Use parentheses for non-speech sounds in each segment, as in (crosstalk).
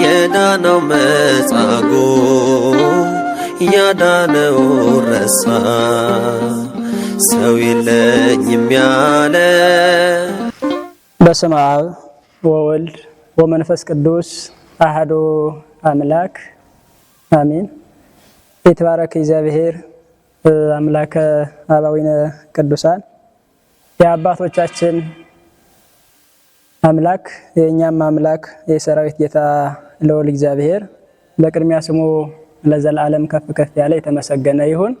የዳነው መጻጎ ያዳነው ረሳ ሰው የለኝም ያለ። በስመ አብ ወወልድ ወመንፈስ ቅዱስ አህዶ አምላክ አሜን። የተባረከ እግዚአብሔር አምላከ አባዊነ ቅዱሳን የአባቶቻችን አምላክ የእኛም አምላክ የሰራዊት ጌታ ለወል እግዚአብሔር በቅድሚያ ስሙ ለዘላለም ከፍ ከፍ ያለ የተመሰገነ ይሁን።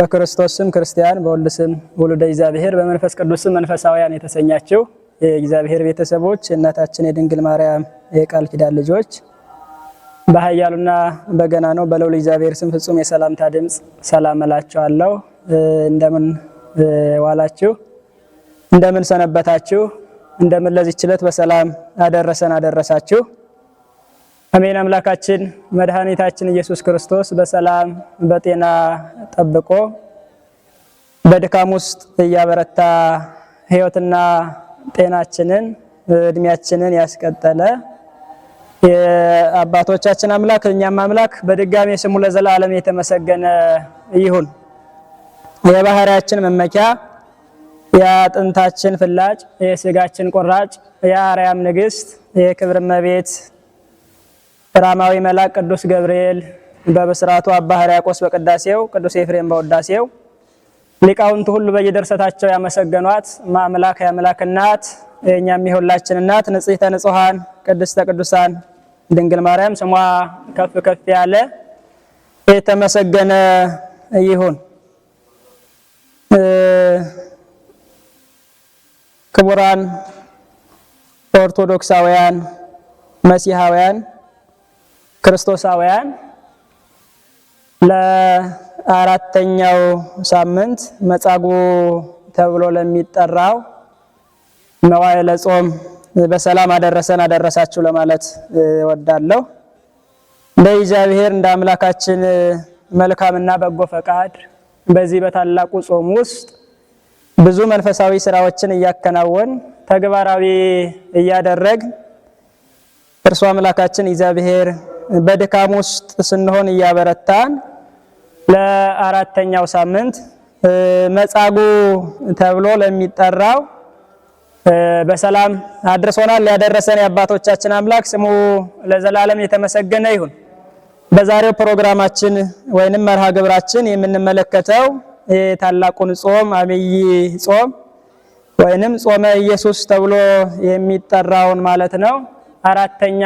በክርስቶስ ስም ክርስቲያን፣ በወልድ ስም ውሉደ እግዚአብሔር፣ በመንፈስ ቅዱስ ስም መንፈሳውያን የተሰኛችው የእግዚአብሔር ቤተሰቦች እናታችን የድንግል ማርያም የቃል ኪዳን ልጆች በኃያሉና ነው በለውል እግዚአብሔር ስም ፍጹም የሰላምታ ድምፅ ሰላም እላችኋለሁ። እንደምን ዋላችሁ? እንደምን ሰነበታችሁ? እንደምን ለዚህች ዕለት በሰላም አደረሰን አደረሳችሁ። አሜን። አምላካችን መድኃኒታችን ኢየሱስ ክርስቶስ በሰላም በጤና ጠብቆ በድካም ውስጥ እያበረታ ህይወትና ጤናችንን እድሜያችንን ያስቀጠለ የአባቶቻችን አምላክ እኛም አምላክ በድጋሚ ስሙ ለዘላለም የተመሰገነ ይሁን። የባህሪያችን መመኪያ የአጥንታችን ፍላጭ የስጋችን ቁራጭ የአርያም ንግስት፣ የክብር መቤት፣ ራማዊ መልአክ ቅዱስ ገብርኤል በብስራቱ አባ ሕርያቆስ በቅዳሴው ቅዱስ ኤፍሬም በውዳሴው ሊቃውንት ሁሉ በየደርሰታቸው ያመሰገኗት ማምላክ ያምላክ እናት የእኛም የሁላችን እናት ንጽሕተ ንጹሐን ቅድስተ ቅዱሳን ድንግል ማርያም ስሟ ከፍ ከፍ ያለ የተመሰገነ ይሁን። ክቡራን ኦርቶዶክሳውያን፣ መሲሐውያን፣ ክርስቶሳውያን አራተኛው ሳምንት መጻጉዕ ተብሎ ለሚጠራው መዋዕለ ጾም በሰላም አደረሰን አደረሳችሁ ለማለት እወዳለሁ። እንደ እግዚአብሔር እንደ አምላካችን መልካምና በጎ ፈቃድ በዚህ በታላቁ ጾም ውስጥ ብዙ መንፈሳዊ ስራዎችን እያከናወን ተግባራዊ እያደረግ እርሱ አምላካችን እግዚአብሔር በድካም ውስጥ ስንሆን እያበረታን ለአራተኛው ሳምንት መጻጉዕ ተብሎ ለሚጠራው በሰላም አድርሶናል። ያደረሰን የአባቶቻችን አምላክ ስሙ ለዘላለም የተመሰገነ ይሁን። በዛሬው ፕሮግራማችን ወይንም መርሃ ግብራችን የምንመለከተው የታላቁን ጾም አብይ ጾም ወይንም ጾመ ኢየሱስ ተብሎ የሚጠራውን ማለት ነው አራተኛ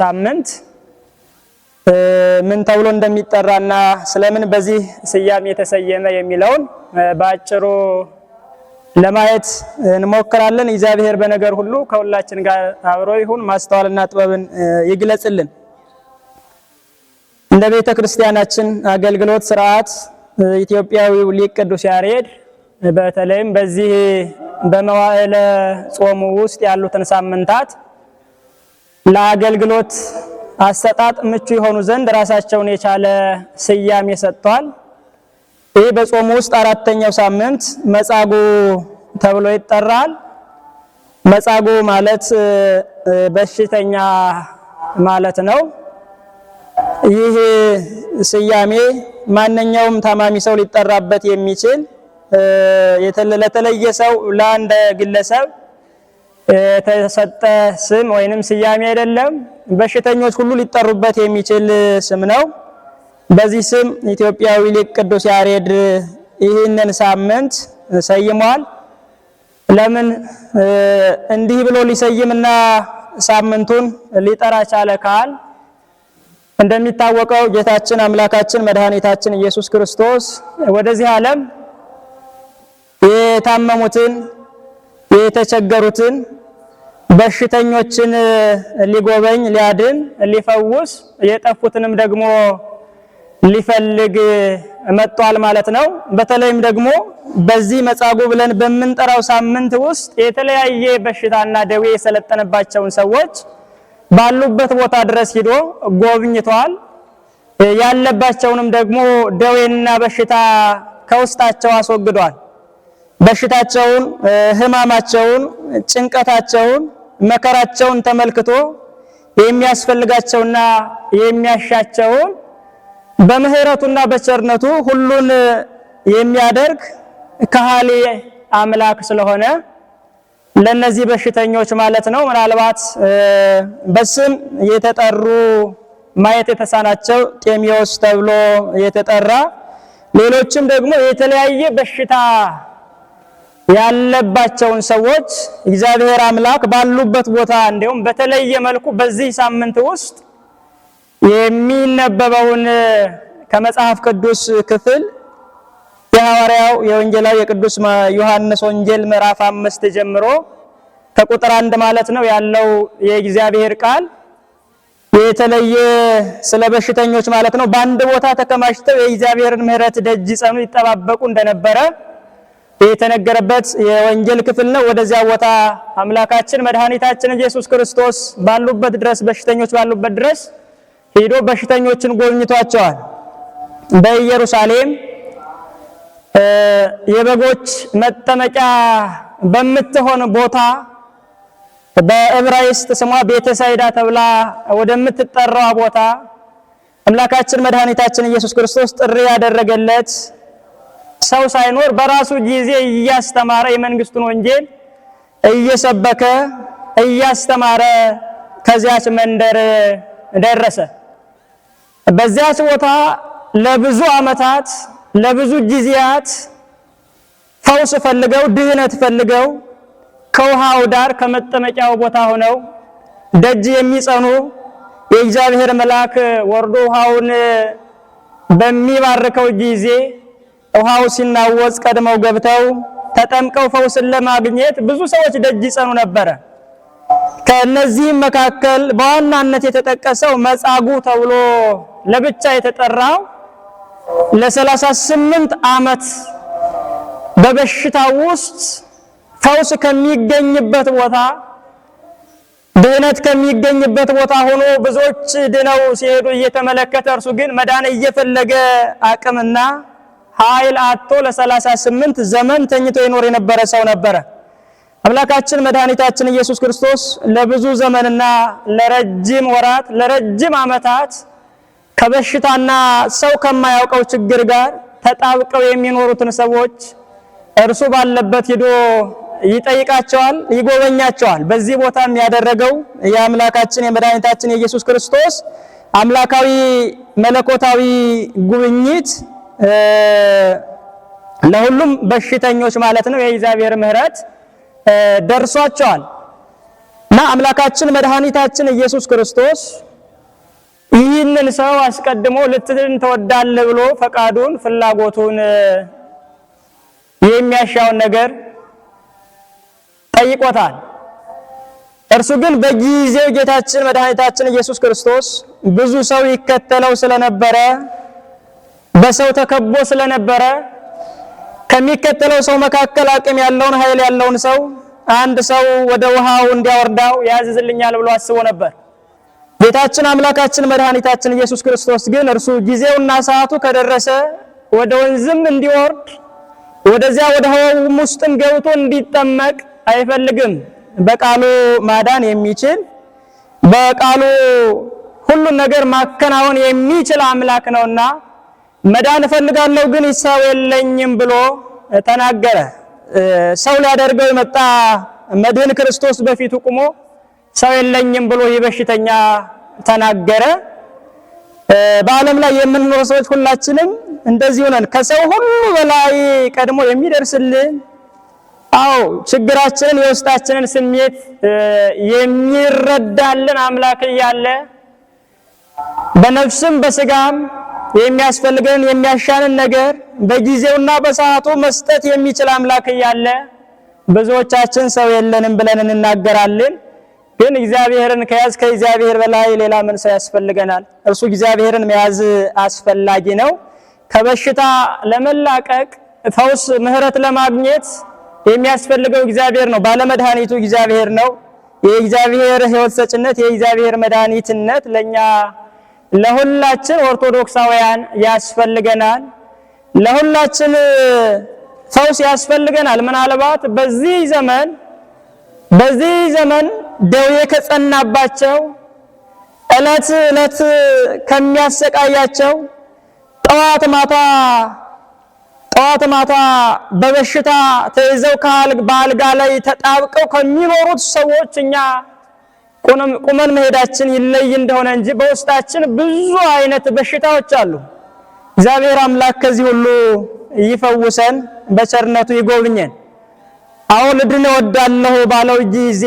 ሳምንት ምን ተብሎ እንደሚጠራና ስለምን በዚህ ስያሜ የተሰየመ የሚለውን በአጭሩ ለማየት እንሞክራለን። እግዚአብሔር በነገር ሁሉ ከሁላችን ጋር አብሮ ይሁን፣ ማስተዋልና ጥበብን ይግለጽልን። እንደ ቤተ ክርስቲያናችን አገልግሎት ስርዓት ኢትዮጵያዊው ሊቅ ቅዱስ ያሬድ በተለይም በዚህ በመዋዕለ ጾሙ ውስጥ ያሉትን ሳምንታት ለአገልግሎት አሰጣጥ ምቹ የሆኑ ዘንድ ራሳቸውን የቻለ ስያሜ ሰጥቷል። ይህ በጾሙ ውስጥ አራተኛው ሳምንት መጻጉዕ ተብሎ ይጠራል። መጻጉዕ ማለት በሽተኛ ማለት ነው። ይህ ስያሜ ማንኛውም ታማሚ ሰው ሊጠራበት የሚችል ለተለየ ሰው ለአንድ ግለሰብ የተሰጠ ስም ወይንም ስያሜ አይደለም። በሽተኞች ሁሉ ሊጠሩበት የሚችል ስም ነው። በዚህ ስም ኢትዮጵያዊ ሊቅ ቅዱስ ያሬድ ይህንን ሳምንት ሰይሟል። ለምን እንዲህ ብሎ ሊሰይምና ሳምንቱን ሊጠራ ቻለ ካል እንደሚታወቀው ጌታችን አምላካችን መድኃኒታችን ኢየሱስ ክርስቶስ ወደዚህ ዓለም የታመሙትን የተቸገሩትን በሽተኞችን ሊጎበኝ ሊያድን ሊፈውስ የጠፉትንም ደግሞ ሊፈልግ መጥቷል ማለት ነው። በተለይም ደግሞ በዚህ መጻጉዕ ብለን በምንጠራው ሳምንት ውስጥ የተለያየ በሽታና ደዌ የሰለጠነባቸውን ሰዎች ባሉበት ቦታ ድረስ ሂዶ ጎብኝቷል ያለባቸውንም ደግሞ ደዌና በሽታ ከውስጣቸው አስወግዷል። በሽታቸውን፣ ህማማቸውን ጭንቀታቸውን መከራቸውን ተመልክቶ የሚያስፈልጋቸውና የሚያሻቸውን በምህረቱና በቸርነቱ ሁሉን የሚያደርግ ከሃሊ አምላክ ስለሆነ ለነዚህ በሽተኞች ማለት ነው። ምናልባት በስም የተጠሩ ማየት የተሳናቸው ጤሚዎስ ተብሎ የተጠራ ሌሎችም ደግሞ የተለያየ በሽታ ያለባቸውን ሰዎች እግዚአብሔር አምላክ ባሉበት ቦታ እንዲሁም በተለየ መልኩ በዚህ ሳምንት ውስጥ የሚነበበውን ከመጽሐፍ ቅዱስ ክፍል የሐዋርያው የወንጌላዊ የቅዱስ ዮሐንስ ወንጌል ምዕራፍ አምስት ጀምሮ ከቁጥር አንድ ማለት ነው ያለው የእግዚአብሔር ቃል የተለየ ስለ በሽተኞች ማለት ነው በአንድ ቦታ ተከማችተው የእግዚአብሔርን ምሕረት ደጅ ጸኑ ይጠባበቁ እንደነበረ የተነገረበት የወንጌል ክፍል ነው። ወደዚያ ቦታ አምላካችን መድኃኒታችን ኢየሱስ ክርስቶስ ባሉበት ድረስ በሽተኞች ባሉበት ድረስ ሄዶ በሽተኞችን ጎብኝቷቸዋል። በኢየሩሳሌም የበጎች መጠመቂያ በምትሆን ቦታ በዕብራይስጥ ስሟ ቤተሳይዳ ተብላ ወደምትጠራው ቦታ አምላካችን መድኃኒታችን ኢየሱስ ክርስቶስ ጥሪ ያደረገለት ሰው ሳይኖር በራሱ ጊዜ እያስተማረ የመንግስቱን ወንጌል እየሰበከ እያስተማረ ከዚያች መንደር ደረሰ። በዚያች ቦታ ለብዙ ዓመታት ለብዙ ጊዜያት ፈውስ ፈልገው ድህነት ፈልገው ከውሃው ዳር ከመጠመቂያው ቦታ ሆነው ደጅ የሚጸኑ የእግዚአብሔር መልአክ ወርዶ ውሃውን በሚባርከው ጊዜ ውሃው ሲናወጽ ቀድመው ገብተው ተጠምቀው ፈውስን ለማግኘት ብዙ ሰዎች ደጅ ይጸኑ ነበረ። ከእነዚህም መካከል በዋናነት የተጠቀሰው መጻጉ ተብሎ ለብቻ የተጠራው ለ38 ዓመት በበሽታ ውስጥ ፈውስ ከሚገኝበት ቦታ ድህነት ከሚገኝበት ቦታ ሆኖ ብዙዎች ድነው ሲሄዱ እየተመለከተ እርሱ ግን መዳን እየፈለገ አቅምና ኃይል አጥቶ ለ38 ዘመን ተኝቶ ይኖር የነበረ ሰው ነበረ። አምላካችን መድኃኒታችን ኢየሱስ ክርስቶስ ለብዙ ዘመንና ለረጅም ወራት ለረጅም ዓመታት ከበሽታና ሰው ከማያውቀው ችግር ጋር ተጣብቀው የሚኖሩትን ሰዎች እርሱ ባለበት ሂዶ ይጠይቃቸዋል፣ ይጎበኛቸዋል። በዚህ ቦታም ያደረገው የአምላካችን የመድኃኒታችን የኢየሱስ ክርስቶስ አምላካዊ መለኮታዊ ጉብኝት ለሁሉም በሽተኞች ማለት ነው የእግዚአብሔር ምሕረት ደርሷቸዋል እና አምላካችን መድኃኒታችን ኢየሱስ ክርስቶስ ይህንን ሰው አስቀድሞ ልትድን ተወዳል ብሎ ፈቃዱን፣ ፍላጎቱን የሚያሻውን ነገር ጠይቆታል። እርሱ ግን በጊዜው ጌታችን መድኃኒታችን ኢየሱስ ክርስቶስ ብዙ ሰው ይከተለው ስለነበረ በሰው ተከቦ ስለነበረ ከሚከተለው ሰው መካከል አቅም ያለውን ኃይል ያለውን ሰው አንድ ሰው ወደ ውሃው እንዲያወርዳው ያዝዝልኛል ብሎ አስቦ ነበር። ጌታችን አምላካችን መድኃኒታችን ኢየሱስ ክርስቶስ ግን እርሱ ጊዜውና ሰዓቱ ከደረሰ ወደ ወንዝም እንዲወርድ ወደዚያ ወደ ውሃውም ውስጥም ገብቶ እንዲጠመቅ አይፈልግም። በቃሉ ማዳን የሚችል በቃሉ ሁሉን ነገር ማከናወን የሚችል አምላክ ነውና መዳን እፈልጋለሁ ግን ሰው የለኝም ብሎ ተናገረ። ሰው ሊያደርገው የመጣ መድህን ክርስቶስ በፊቱ ቁሞ ሰው የለኝም ብሎ ይህ በሽተኛ ተናገረ። በዓለም ላይ የምንኖር ሰዎች ሁላችንም እንደዚህ ሆነን ከሰው ሁሉ በላይ ቀድሞ የሚደርስልን አዎ ችግራችንን፣ የውስጣችንን ስሜት የሚረዳልን አምላክ እያለ በነፍስም በስጋም የሚያስፈልገን የሚያሻንን ነገር በጊዜውና በሰዓቱ መስጠት የሚችል አምላክ እያለ ብዙዎቻችን ሰው የለንም ብለን እንናገራለን። ግን እግዚአብሔርን ከያዝ ከእግዚአብሔር በላይ ሌላ ምን ሰው ያስፈልገናል? እርሱ እግዚአብሔርን መያዝ አስፈላጊ ነው። ከበሽታ ለመላቀቅ ፈውስ፣ ምህረት ለማግኘት የሚያስፈልገው እግዚአብሔር ነው። ባለመድኃኒቱ እግዚአብሔር ነው። የእግዚአብሔር ሕይወት ሰጭነት የእግዚአብሔር መድኃኒትነት ለኛ ለሁላችን ኦርቶዶክሳውያን ያስፈልገናል። ለሁላችን ፈውስ ያስፈልገናል። ምናልባት በዚህ ዘመን በዚህ ዘመን ደዌ ከጸናባቸው እለት እለት ከሚያሰቃያቸው ጠዋት ማታ ጠዋት ማታ በበሽታ ተይዘው በአልጋ ላይ ተጣብቀው ከሚኖሩት ሰዎች እኛ ቁመን መሄዳችን ይለይ እንደሆነ እንጂ በውስጣችን ብዙ አይነት በሽታዎች አሉ። እግዚአብሔር አምላክ ከዚህ ሁሉ ይፈውሰን፣ በቸርነቱ ይጎብኘን። አዎ ልድን እወዳለሁ ባለው ጊዜ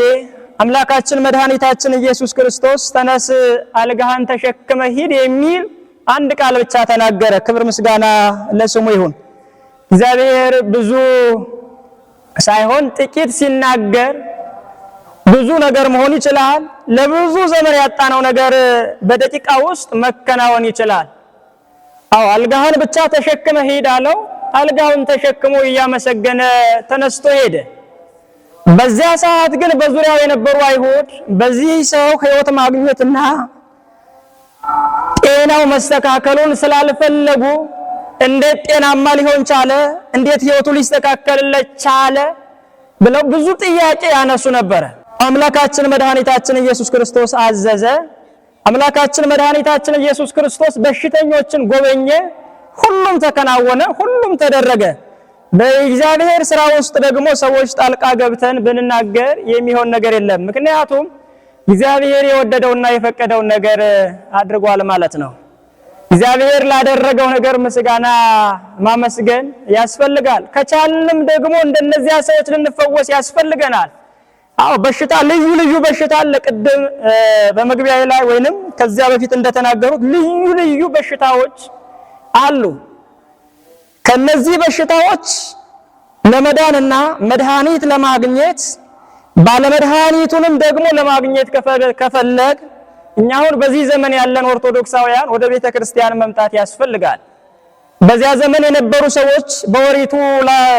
አምላካችን መድኃኒታችን ኢየሱስ ክርስቶስ ተነስ፣ አልጋህን ተሸክመ ሂድ የሚል አንድ ቃል ብቻ ተናገረ። ክብር ምስጋና ለስሙ ይሁን። እግዚአብሔር ብዙ ሳይሆን ጥቂት ሲናገር ብዙ ነገር መሆን ይችላል። ለብዙ ዘመን ያጣነው ነገር በደቂቃ ውስጥ መከናወን ይችላል። አዎ አልጋህን ብቻ ተሸክመ ሄድ አለው። አልጋውን ተሸክሞ እያመሰገነ ተነስቶ ሄደ። በዚያ ሰዓት ግን በዙሪያው የነበሩ አይሁድ በዚህ ሰው ሕይወት ማግኘትና ጤናው መስተካከሉን ስላልፈለጉ እንዴት ጤናማ ሊሆን ቻለ? እንዴት ሕይወቱ ሊስተካከልለት ቻለ? ብለው ብዙ ጥያቄ ያነሱ ነበረ። አምላካችን መድኃኒታችን ኢየሱስ ክርስቶስ አዘዘ። አምላካችን መድኃኒታችን ኢየሱስ ክርስቶስ በሽተኞችን ጎበኘ። ሁሉም ተከናወነ፣ ሁሉም ተደረገ። በእግዚአብሔር ስራ ውስጥ ደግሞ ሰዎች ጣልቃ ገብተን ብንናገር የሚሆን ነገር የለም። ምክንያቱም እግዚአብሔር የወደደውና የፈቀደው ነገር አድርጓል ማለት ነው። እግዚአብሔር ላደረገው ነገር ምስጋና ማመስገን ያስፈልጋል። ከቻልንም ደግሞ እንደነዚያ ሰዎች ልንፈወስ ያስፈልገናል። አዎ በሽታ ልዩ ልዩ በሽታ አለ። ቅድም በመግቢያ ላይ ወይንም ከዚያ በፊት እንደተናገሩት ልዩ ልዩ በሽታዎች አሉ። ከነዚህ በሽታዎች ለመዳንና መድኃኒት ለማግኘት ባለመድኃኒቱንም ደግሞ ለማግኘት ከፈለግ እኛ አሁን በዚህ ዘመን ያለን ኦርቶዶክሳውያን ወደ ቤተ ክርስቲያን መምጣት ያስፈልጋል። በዚያ ዘመን የነበሩ ሰዎች በወሪቱ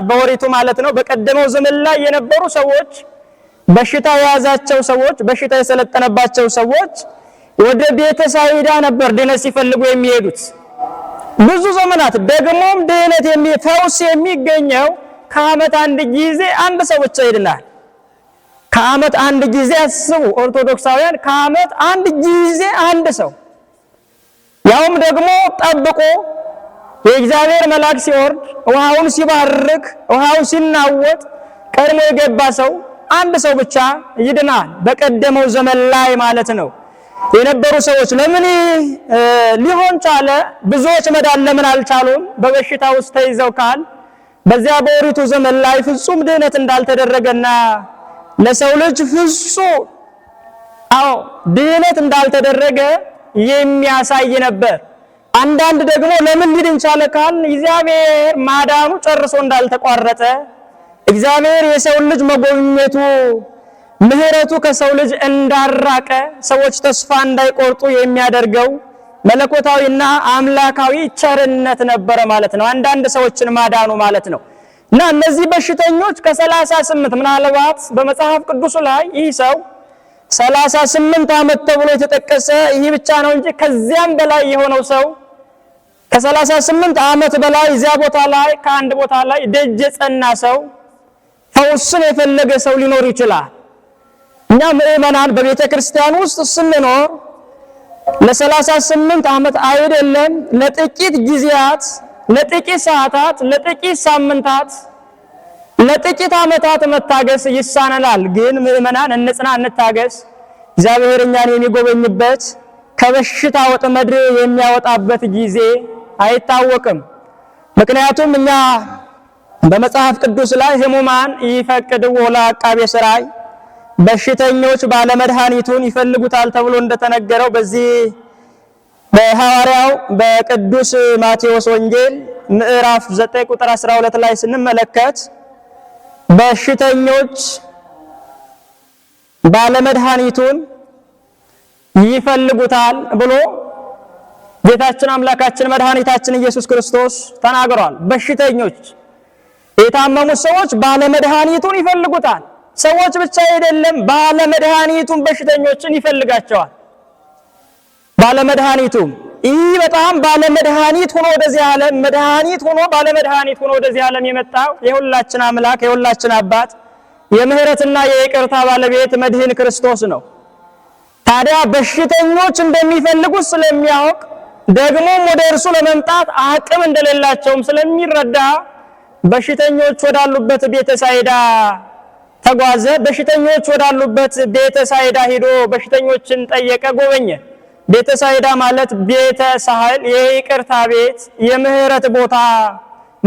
በወሪቱ ማለት ነው በቀደመው ዘመን ላይ የነበሩ ሰዎች በሽታ የያዛቸው ሰዎች በሽታ የሰለጠነባቸው ሰዎች ወደ ቤተ ሳይዳ ነበር ድነት ሲፈልጉ የሚሄዱት ብዙ ዘመናት። ደግሞም ድነት ፈውስ የሚገኘው ከአመት አንድ ጊዜ አንድ ሰው ብቻ ይድናል። ከአመት አንድ ጊዜ አስቡ ኦርቶዶክሳውያን፣ ከአመት አንድ ጊዜ አንድ ሰው ያውም ደግሞ ጠብቆ የእግዚአብሔር መልአክ ሲወርድ ውሃውን ሲባርክ ውሃው ሲናወጥ ቀድሞ የገባ ሰው አንድ ሰው ብቻ ይድናል። በቀደመው ዘመን ላይ ማለት ነው የነበሩ ሰዎች ለምን ሊሆን ቻለ? ብዙዎች መዳን ለምን አልቻሉም? በበሽታ ውስጥ ተይዘው ካል በዚያ በኦሪቱ ዘመን ላይ ፍጹም ድህነት እንዳልተደረገና ለሰው ልጅ ፍጹም አዎ ድህነት እንዳልተደረገ የሚያሳይ ነበር። አንዳንድ ደግሞ ለምን ሊድን ቻለ ካል እግዚአብሔር ማዳኑ ጨርሶ እንዳልተቋረጠ እግዚአብሔር የሰውን ልጅ መጎብኘቱ ምሕረቱ ከሰው ልጅ እንዳራቀ ሰዎች ተስፋ እንዳይቆርጡ የሚያደርገው መለኮታዊና አምላካዊ ቸርነት ነበረ ማለት ነው። አንዳንድ ሰዎችን ማዳኑ ማለት ነው እና እነዚህ በሽተኞች ከ38 ምናልባት በመጽሐፍ ቅዱሱ ላይ ይህ ሰው 38 ስምንት ዓመት ተብሎ የተጠቀሰ ይህ ብቻ ነው እንጂ ከዚያም በላይ የሆነው ሰው ከ38 ዓመት በላይ እዚያ ቦታ ላይ ከአንድ ቦታ ላይ ደጀ ጸና ሰው ፈውስን የፈለገ ሰው ሊኖር ይችላል። እኛ ምእመናን በቤተ ክርስቲያን ውስጥ ስንኖር ለሰላሳ ስምንት ዓመት አይደለም ለጥቂት ጊዜያት፣ ለጥቂት ሰዓታት፣ ለጥቂት ሳምንታት፣ ለጥቂት ዓመታት መታገስ ይሳነናል። ግን ምዕመናን እንጽና፣ እንታገስ። እግዚአብሔር እኛን የሚጎበኝበት ከበሽታ ወጥመድ የሚያወጣበት ጊዜ አይታወቅም። ምክንያቱም እኛ በመጽሐፍ ቅዱስ ላይ ህሙማን ወላ አቃቤ ስራይ በሽተኞች ባለመድኃኒቱን ይፈልጉታል ተብሎ እንደተነገረው በዚህ በሐዋርያው በቅዱስ ማቴዎስ ወንጌል ምዕራፍ 9 ቁጥር 12 ላይ ስንመለከት በሽተኞች ባለመድኃኒቱን ይፈልጉታል ብሎ ጌታችን አምላካችን መድኃኒታችን ኢየሱስ ክርስቶስ ተናግሯል። በሽተኞች የታመሙት ሰዎች ባለመድኃኒቱን ይፈልጉታል። ሰዎች ብቻ አይደለም፣ ባለመድኃኒቱን በሽተኞችን ይፈልጋቸዋል። ባለመድኃኒቱም ይህ በጣም ባለመድኃኒት ሆኖ ወደዚህ ዓለም መድኃኒት ሆኖ ባለመድኃኒት ሆኖ ወደዚህ ዓለም የመጣው የሁላችን አምላክ የሁላችን አባት የምህረትና የይቅርታ ባለቤት መድህን ክርስቶስ ነው። ታዲያ በሽተኞች እንደሚፈልጉት ስለሚያውቅ ደግሞም ወደ እርሱ ለመምጣት አቅም እንደሌላቸውም ስለሚረዳ በሽተኞች ወዳሉበት ቤተ ሳይዳ ተጓዘ። በሽተኞች ወዳሉበት ቤተ ሳይዳ ሂዶ በሽተኞችን ጠየቀ፣ ጎበኘ። ቤተ ሳይዳ ማለት ቤተ ሳህል፣ የይቅርታ ቤት፣ የምህረት ቦታ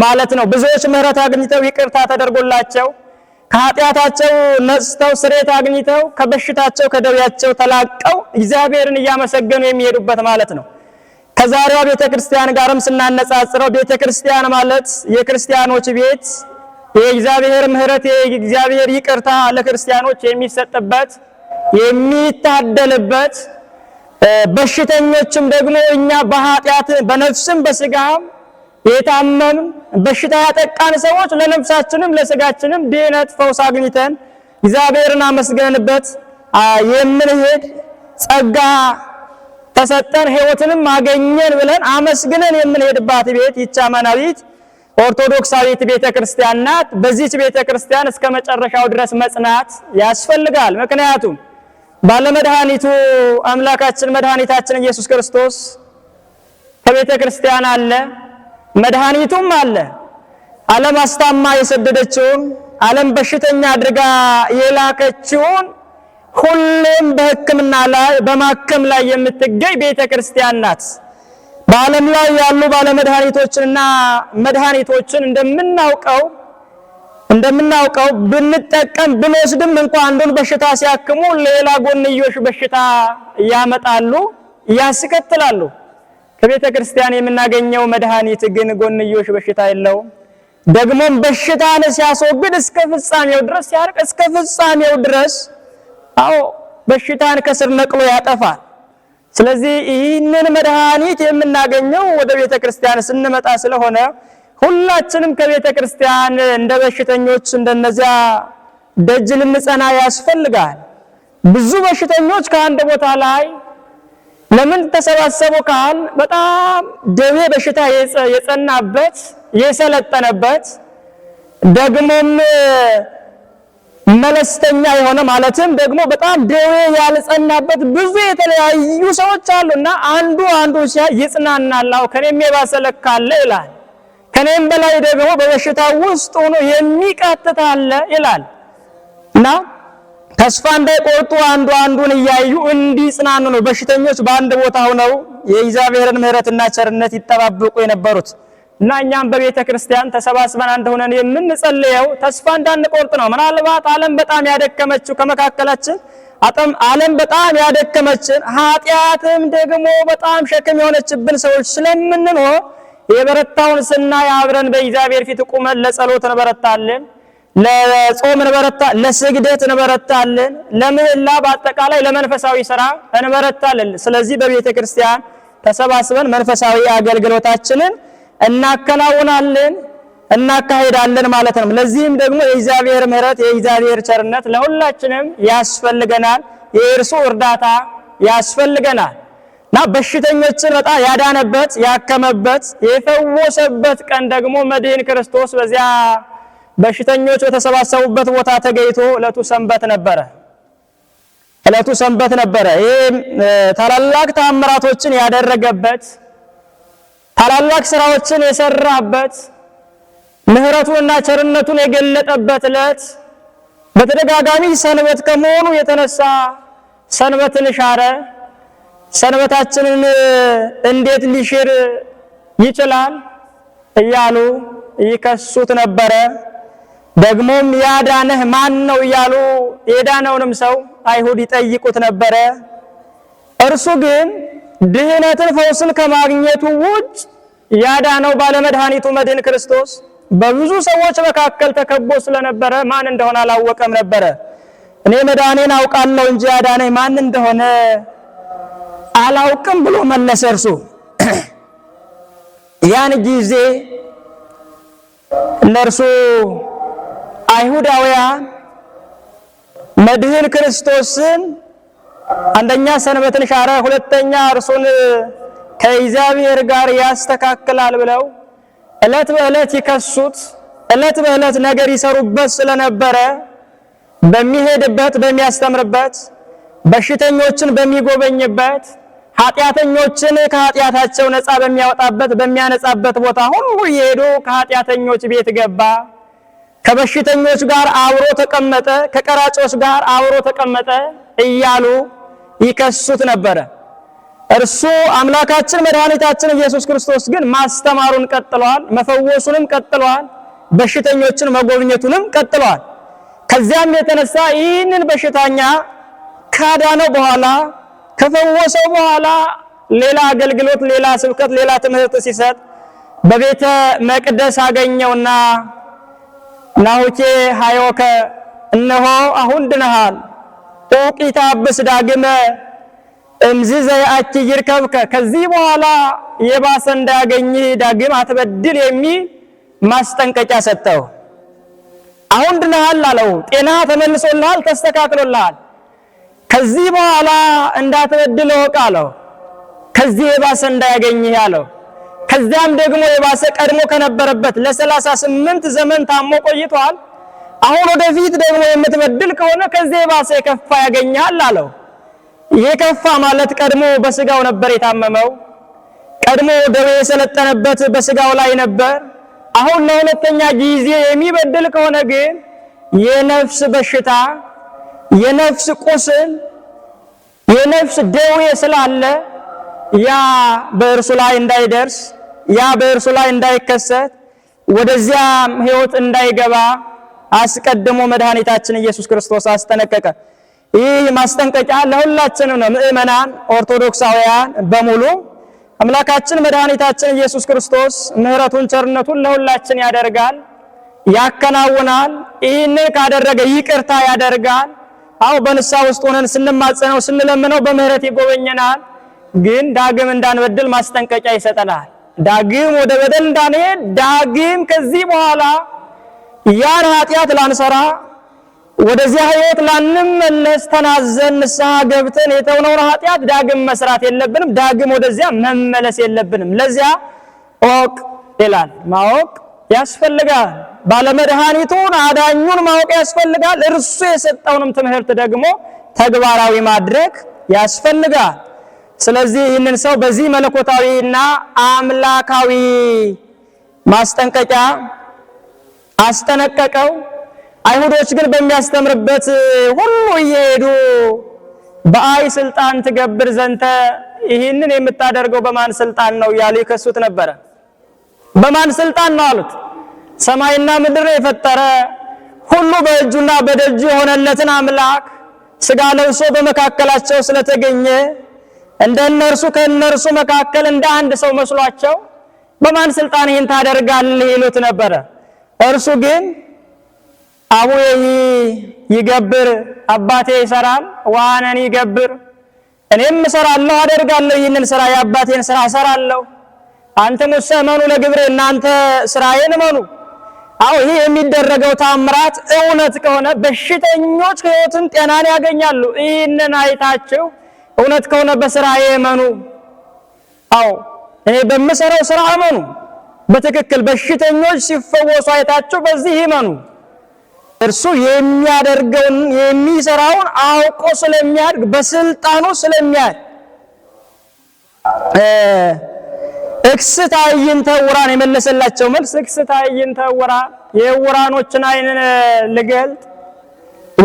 ማለት ነው። ብዙዎች ምህረት አግኝተው ይቅርታ ተደርጎላቸው ከኃጢአታቸው ነጽተው ስሬት አግኝተው ከበሽታቸው ከደውያቸው ተላቀው እግዚአብሔርን እያመሰገኑ የሚሄዱበት ማለት ነው። ከዛሬዋ ቤተ ክርስቲያን ጋርም ስናነጻጽረው ቤተ ክርስቲያን ማለት የክርስቲያኖች ቤት፣ የእግዚአብሔር ምሕረት፣ የእግዚአብሔር ይቅርታ ለክርስቲያኖች የሚሰጥበት የሚታደልበት፣ በሽተኞችም ደግሞ እኛ በኃጢአት በነፍስም በስጋም የታመም በሽታ ያጠቃን ሰዎች ለነፍሳችንም ለስጋችንም ድህነት ፈውስ አግኝተን እግዚአብሔርን አመስገንበት የምንሄድ ጸጋ ተሰጠን ህይወትንም አገኘን ብለን አመስግነን የምንሄድባት ቤት ይቻመናዊት ኦርቶዶክሳዊት ቤተ ክርስቲያን ናት። በዚች ቤተ ክርስቲያን እስከ መጨረሻው ድረስ መጽናት ያስፈልጋል። ምክንያቱም ባለመድኃኒቱ አምላካችን መድኃኒታችን ኢየሱስ ክርስቶስ ከቤተ ክርስቲያን አለ፣ መድኃኒቱም አለ። ዓለም አስታማ የሰደደችውን ዓለም በሽተኛ አድርጋ የላከችውን ሁሌም በሕክምና ላይ በማከም ላይ የምትገኝ ቤተ ክርስቲያን ናት። በዓለም ላይ ያሉ ባለመድኃኒቶችንና መድኃኒቶችን እንደምናውቀው እንደምናውቀው ብንጠቀም ብንወስድም እንኳ አንዱን በሽታ ሲያክሙ ሌላ ጎንዮሽ በሽታ ያመጣሉ፣ ያስከትላሉ። ከቤተ ክርስቲያን የምናገኘው መድኃኒት ግን ጎንዮሽ በሽታ የለውም። ደግሞም በሽታን ሲያስወግድ እስከ ፍጻሜው ድረስ ሲያርቅ እስከ ፍጻሜው ድረስ አዎ በሽታን ከስር ነቅሎ ያጠፋል። ስለዚህ ይህንን መድኃኒት የምናገኘው ወደ ቤተ ክርስቲያን ስንመጣ ስለሆነ ሁላችንም ከቤተ ክርስቲያን እንደ በሽተኞች እንደነዚያ ደጅ ልንጸና ያስፈልጋል። ብዙ በሽተኞች ከአንድ ቦታ ላይ ለምን ተሰባሰቡ ካል በጣም ደዌ በሽታ የጸናበት የሰለጠነበት ደግሞም መለስተኛ የሆነ ማለትም ደግሞ በጣም ደዌ ያልጸናበት ብዙ የተለያዩ ሰዎች አሉና አንዱ አንዱ ይጽናናል። አዎ ከኔም የባሰ ይላል። ከኔም በላይ ደግሞ በበሽታ ውስጥ ሆኖ የሚቃትት ይላል እና ተስፋ እንዳይቆርጡ አንዱ አንዱን እያዩ እንዲጽናኑ ነው። በሽተኞች በአንድ ቦታ ሆነው የእግዚአብሔርን ምሕረትና ቸርነት ይጠባበቁ የነበሩት እና እኛም በቤተ ክርስቲያን ተሰባስበን አንድ ሆነን የምንጸልየው ተስፋ እንዳንቆርጥ ነው። ምናልባት ዓለም በጣም ያደከመችው ከመካከላችን ዓለም በጣም ያደከመችን ኃጢአትም ደግሞ በጣም ሸክም የሆነችብን ሰዎች ስለምንኖር የበረታውን ስናይ አብረን በእግዚአብሔር ፊት ቁመን ለጸሎት እንበረታለን፣ ለጾም እንበረታለን፣ ለስግደት እንበረታለን፣ ለምህላ በአጠቃላይ ለመንፈሳዊ ስራ እንበረታለን። ስለዚህ በቤተ ክርስቲያን ተሰባስበን መንፈሳዊ አገልግሎታችንን እናከናውናለን እናካሄዳለን ማለት ነው። ለዚህም ደግሞ የእግዚአብሔር ምሕረት የእግዚአብሔር ቸርነት ለሁላችንም ያስፈልገናል። የእርሱ እርዳታ ያስፈልገናል እና በሽተኞችን ረጣ ያዳነበት ያከመበት የፈወሰበት ቀን ደግሞ መድህን ክርስቶስ በዚያ በሽተኞች በተሰባሰቡበት ቦታ ተገኝቶ ዕለቱ ሰንበት ነበረ። ዕለቱ ሰንበት ነበረ። ይህም ታላላቅ ተአምራቶችን ያደረገበት ታላላቅ ስራዎችን የሰራበት ምህረቱንና ቸርነቱን የገለጠበት ዕለት በተደጋጋሚ ሰንበት ከመሆኑ የተነሳ ሰንበትን ሻረ። ሰንበታችንን እንዴት ሊሽር ይችላል እያሉ ይከሱት ነበረ። ደግሞም ያዳነህ ማን ነው እያሉ የዳነውንም ሰው አይሁድ ይጠይቁት ነበረ። እርሱ ግን ድህነትን ፈውስን ከማግኘቱ ውጭ ያዳነው ባለመድኃኒቱ መድህን ክርስቶስ በብዙ ሰዎች መካከል ተከቦ ስለነበረ ማን እንደሆነ አላወቀም ነበረ። እኔ መድኃኔን አውቃለሁ እንጂ ያዳነኝ ማን እንደሆነ አላውቅም ብሎ መለሰ። እርሱ (clears throat) ያን ጊዜ እነርሱ አይሁዳውያን መድህን ክርስቶስን አንደኛ ሰንበትን ሻረ፣ ሁለተኛ እርሱን ከእግዚአብሔር ጋር ያስተካክላል ብለው እለት በእለት ይከሱት፣ እለት በእለት ነገር ይሰሩበት ስለነበረ በሚሄድበት በሚያስተምርበት፣ በሽተኞችን በሚጎበኝበት፣ ኃጢአተኞችን ከኃጢአታቸው ነፃ በሚያወጣበት በሚያነጻበት ቦታ ሁሉ እየሄዱ ከኃጢአተኞች ቤት ገባ። ከበሽተኞች ጋር አብሮ ተቀመጠ፣ ከቀራጮች ጋር አብሮ ተቀመጠ እያሉ ይከሱት ነበረ። እርሱ አምላካችን መድኃኒታችን ኢየሱስ ክርስቶስ ግን ማስተማሩን ቀጥለዋል፣ መፈወሱንም ቀጥለዋል፣ በሽተኞችን መጎብኘቱንም ቀጥለዋል። ከዚያም የተነሳ ይህንን በሽተኛ ካዳነው በኋላ ከፈወሰው በኋላ ሌላ አገልግሎት፣ ሌላ ስብከት፣ ሌላ ትምህርት ሲሰጥ በቤተ መቅደስ አገኘውና ናሁቼ ሃዮከ እነሆ አሁን ድነሃል ኦቂታብስ ዳግመ እምዝዘ አቺ ይርከብከ ከዚህ በኋላ የባሰ እንዳያገኝህ ዳግም አትበድል የሚል ማስጠንቀቂያ ሰጠው። አሁን ድነሃል አለው። ጤና ተመልሶልሃል፣ ተስተካክሎልሃል። ከዚህ በኋላ እንዳትበድል እወቅ አለው። ከዚህ የባሰ እንዳያገኝህ አለው። ከዚያም ደግሞ የባሰ ቀድሞ ከነበረበት ለሰላሳ ስምንት ዘመን ታሞ ቆይቷል። አሁን ወደፊት ደግሞ የምትበድል ከሆነ ከዚህ የባሰ የከፋ ያገኛል አለው። የከፋ ማለት ቀድሞ በስጋው ነበር የታመመው፣ ቀድሞ ደዌ የሰለጠነበት በስጋው ላይ ነበር። አሁን ለሁለተኛ ጊዜ የሚበድል ከሆነ ግን የነፍስ በሽታ፣ የነፍስ ቁስል፣ የነፍስ ደዌ ስላለ ያ በእርሱ ላይ እንዳይደርስ ያ በእርሱ ላይ እንዳይከሰት ወደዚያ ህይወት እንዳይገባ አስቀድሞ መድኃኒታችን ኢየሱስ ክርስቶስ አስጠነቀቀ። ይህ ማስጠንቀቂያ ለሁላችንም ነው። ምእመናን ኦርቶዶክሳውያን በሙሉ አምላካችን መድኃኒታችን ኢየሱስ ክርስቶስ ምሕረቱን ቸርነቱን ለሁላችን ያደርጋል፣ ያከናውናል። ይህን ካደረገ ይቅርታ ያደርጋል። አሁ በንሳ ውስጥ ሆነን ስንማጸነው ስንለምነው በምህረት ይጎበኘናል። ግን ዳግም እንዳንበድል ማስጠንቀቂያ ይሰጠናል። ዳግም ወደ በደል እንዳንሄድ ዳግም ከዚህ በኋላ ያን ኃጢአት ላንሰራ ወደዚያ ህይወት ላንመለስ ተናዘን ንስሐ ገብተን የተውነውን ኃጢአት ዳግም መስራት የለብንም። ዳግም ወደዚያ መመለስ የለብንም። ለዚያ ኦቅ ይላል። ማወቅ ያስፈልጋል። ባለመድኃኒቱን አዳኙን ማወቅ ያስፈልጋል። እርሱ የሰጠውንም ትምህርት ደግሞ ተግባራዊ ማድረግ ያስፈልጋል። ስለዚህ ይህንን ሰው በዚህ መለኮታዊና አምላካዊ ማስጠንቀቂያ አስጠነቀቀው። አይሁዶች ግን በሚያስተምርበት ሁሉ እየሄዱ በአይ ስልጣን ትገብር ዘንተ ይህንን የምታደርገው በማን ስልጣን ነው እያሉ ይከሱት ነበረ። በማን ስልጣን ነው አሉት። ሰማይና ምድር የፈጠረ ሁሉ በእጁና በደጁ የሆነለትን አምላክ ስጋ ለብሶ በመካከላቸው ስለተገኘ እንደ እነርሱ ከእነርሱ መካከል እንደ አንድ ሰው መስሏቸው በማን ስልጣን ይህን ታደርጋለህ ይሉት ነበረ። እርሱ ግን አቡየ ይገብር አባቴ ይሰራል፣ ዋነኒ ይገብር እኔም እሰራለሁ አደርጋለሁ፣ ይህንን ስራ የአባቴን ስራ እሰራለሁ። አንተ ሙሰ መኑ ለግብሬ እናንተ ስራዬን መኑ። አዎ ይህ የሚደረገው ታምራት እውነት ከሆነ በሽተኞች ህይወትን ጤናን ያገኛሉ። ይህንን አይታችሁ እውነት ከሆነ በስራዬ መኑ። አዎ እኔ በምሰራው ስራ መኑ። በትክክል በሽተኞች ሲፈወሱ አይታቸው በዚህ ይመኑ። እርሱ የሚያደርገውን የሚሰራውን አውቆ ስለሚያድግ በስልጣኑ ስለሚያድግ እክስት አይንተ ዕውራን የመለሰላቸው መልስ እክስት አይንተ ዕውራን የዕውራኖችን አይን ልገልጥ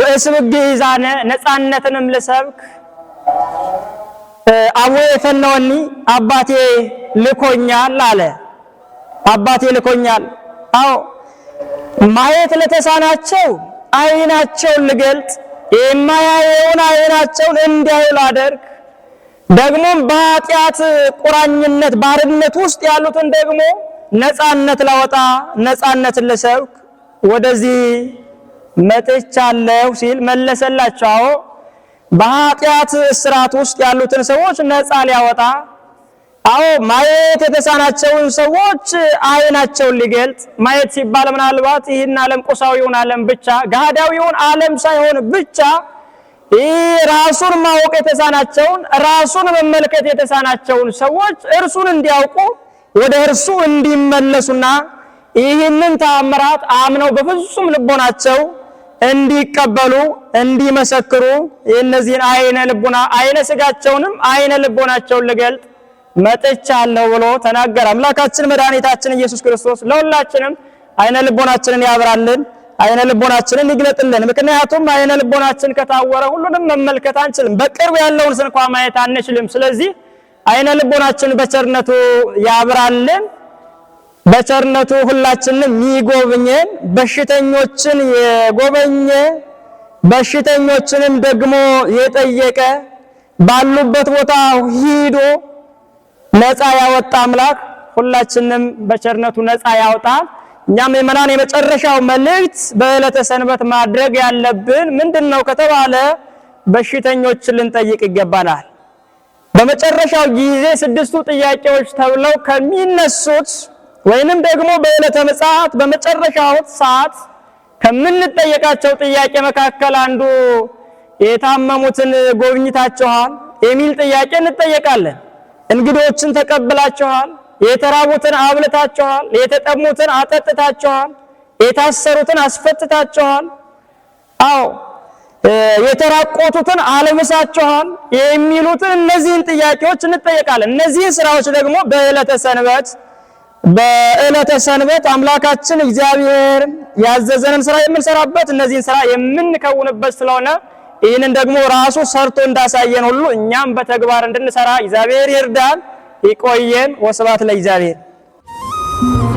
ወእስብግ ይዛነ ነፃነትንም ልሰብክ አቡ ፈነወኒ አባቴ ልኮኛል አለ። አባቴ ልኮኛል። አዎ ማየት ለተሳናቸው አይናቸውን ልገልጥ፣ የማያየውን አይናቸውን እንዲያዩ ላደርግ፣ ደግሞም በኃጢአት ቁራኝነት ባርነት ውስጥ ያሉትን ደግሞ ነፃነት ላወጣ፣ ነፃነትን ልሰብክ ወደዚህ መጥቻለሁ ሲል መለሰላቸው። አዎ በኃጢአት እስራት ውስጥ ያሉትን ሰዎች ነፃ ሊያወጣ አዎ ማየት የተሳናቸውን ሰዎች አይናቸውን ሊገልጥ ማየት ሲባል ምናልባት ይህን ዓለም ቁሳዊውን ዓለም ብቻ ጋዳዊውን ዓለም ሳይሆን ብቻ ራሱን ማወቅ የተሳናቸውን ራሱን መመልከት የተሳናቸውን ሰዎች እርሱን እንዲያውቁ ወደ እርሱ እንዲመለሱና ይህንን ተአምራት አምነው በፍጹም ልቦናቸው እንዲቀበሉ እንዲመሰክሩ የእነዚህን አይነ ልቡና አይነ ስጋቸውንም አይነ ልቦናቸውን ልገልጥ መጥቻለሁ ብሎ ተናገረ። አምላካችን መድኃኒታችን ኢየሱስ ክርስቶስ ለሁላችንም አይነ ልቦናችንን ያብራልን፣ አይነ ልቦናችንን ይግለጥልን። ምክንያቱም አይነ ልቦናችን ከታወረ ሁሉንም መመልከት አንችልም፣ በቅርብ ያለውን ስንኳ ማየት አንችልም። ስለዚህ አይነ ልቦናችን በቸርነቱ ያብራልን፣ በቸርነቱ ሁላችንም ይጎብኘን። በሽተኞችን የጎበኘ በሽተኞችንም ደግሞ የጠየቀ ባሉበት ቦታ ሂዶ ነፃ ያወጣ አምላክ ሁላችንም በቸርነቱ ነፃ ያወጣ። እኛም ምእመናን የመጨረሻው መልእክት በዕለተ ሰንበት ማድረግ ያለብን ምንድን ነው ከተባለ በሽተኞችን ልንጠይቅ ይገባናል። በመጨረሻው ጊዜ ስድስቱ ጥያቄዎች ተብለው ከሚነሱት ወይንም ደግሞ በዕለተ ምጽአት በመጨረሻው ሰዓት ከምንጠየቃቸው ጥያቄ መካከል አንዱ የታመሙትን ጎብኝታችኋል የሚል ጥያቄ እንጠየቃለን። እንግዶችን ተቀብላችኋል፣ የተራቡትን አብልታችኋል፣ የተጠሙትን አጠጥታችኋል፣ የታሰሩትን አስፈትታችኋል። አዎ የተራቆቱትን አልብሳችኋል የሚሉትን እነዚህን ጥያቄዎች እንጠየቃለን። እነዚህን ስራዎች ደግሞ በዕለተ ሰንበት በዕለተ ሰንበት አምላካችን እግዚአብሔር ያዘዘንን ስራ የምንሰራበት እነዚህን ስራ የምንከውንበት ስለሆነ ይህንን ደግሞ ራሱ ሰርቶ እንዳሳየን ሁሉ እኛም በተግባር እንድንሰራ እግዚአብሔር ይርዳን። ይቆየን። ወስብሐት ለእግዚአብሔር።